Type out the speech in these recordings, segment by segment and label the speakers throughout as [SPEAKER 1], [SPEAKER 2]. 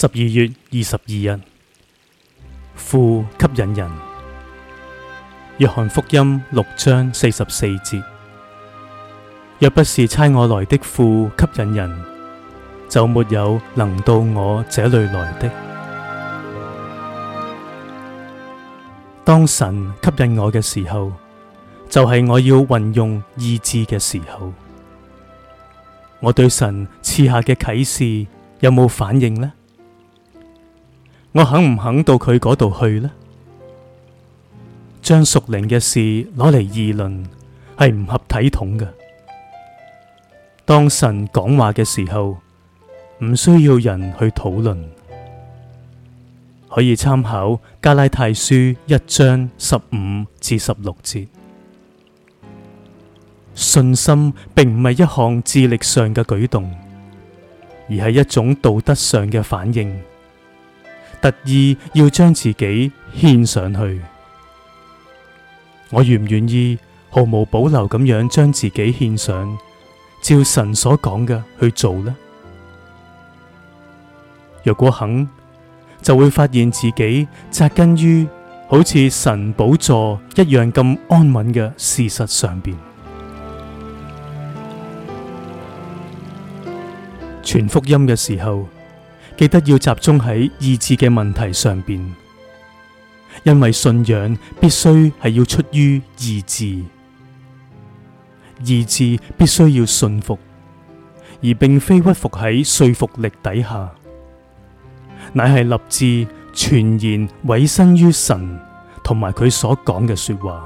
[SPEAKER 1] 十二月二十二日，父吸引人。約翰福音六章四十四節：若不是差我來的父吸引人，就沒有能到我這裏來的。當神吸引我嘅時候，就係、是、我要運用意志嘅時候。我對神賜下嘅啟示有冇反應呢？我肯唔肯到佢嗰度去呢？將屬靈嘅事攞嚟議論係唔合體統嘅。當神講話嘅時候，唔需要人去討論，可以參考加拉太書一章十五至十六節。信心並唔係一項智力上嘅舉動，而係一種道德上嘅反應。特意要將自己獻上去，我願唔願意毫無保留咁樣將自己獻上，照神所講嘅去做呢？若果肯，就會發現自己扎根於好似神寶座一樣咁安穩嘅事實上邊。傳福音嘅時候，記得要集中喺意志嘅問題上邊，因為信仰必須係要出於意志，意志必須要信服，而並非屈服喺說服力底下，乃係立志全然委身於神同埋佢所講嘅說話，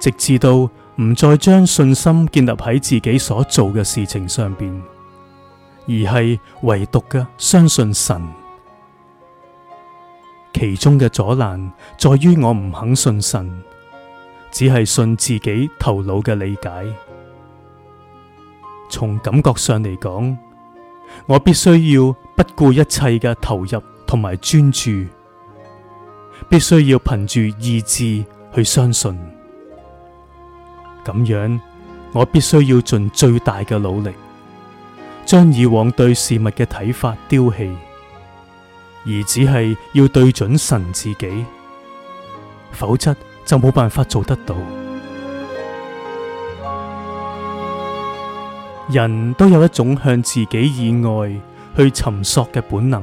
[SPEAKER 1] 直至到唔再將信心建立喺自己所做嘅事情上邊。而係唯獨嘅相信神，其中嘅阻攔在於我唔肯信神，只係信自己頭腦嘅理解。從感覺上嚟講，我必須要不顧一切嘅投入同埋專注，必須要憑住意志去相信。咁樣，我必須要盡最大嘅努力。將以往對事物嘅睇法丟棄，而只係要對準神自己，否則就冇辦法做得到。人都有一種向自己以外去尋索嘅本能，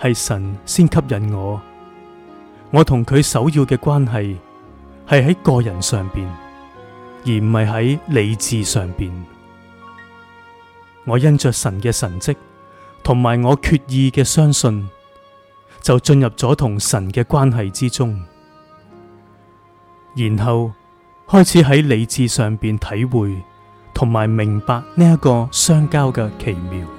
[SPEAKER 1] 係神先吸引我，我同佢首要嘅關係係喺個人上邊，而唔係喺理智上邊。我因着神嘅神蹟，同埋我決意嘅相信，就進入咗同神嘅關係之中，然後開始喺理智上邊體會同埋明白呢一個相交嘅奇妙。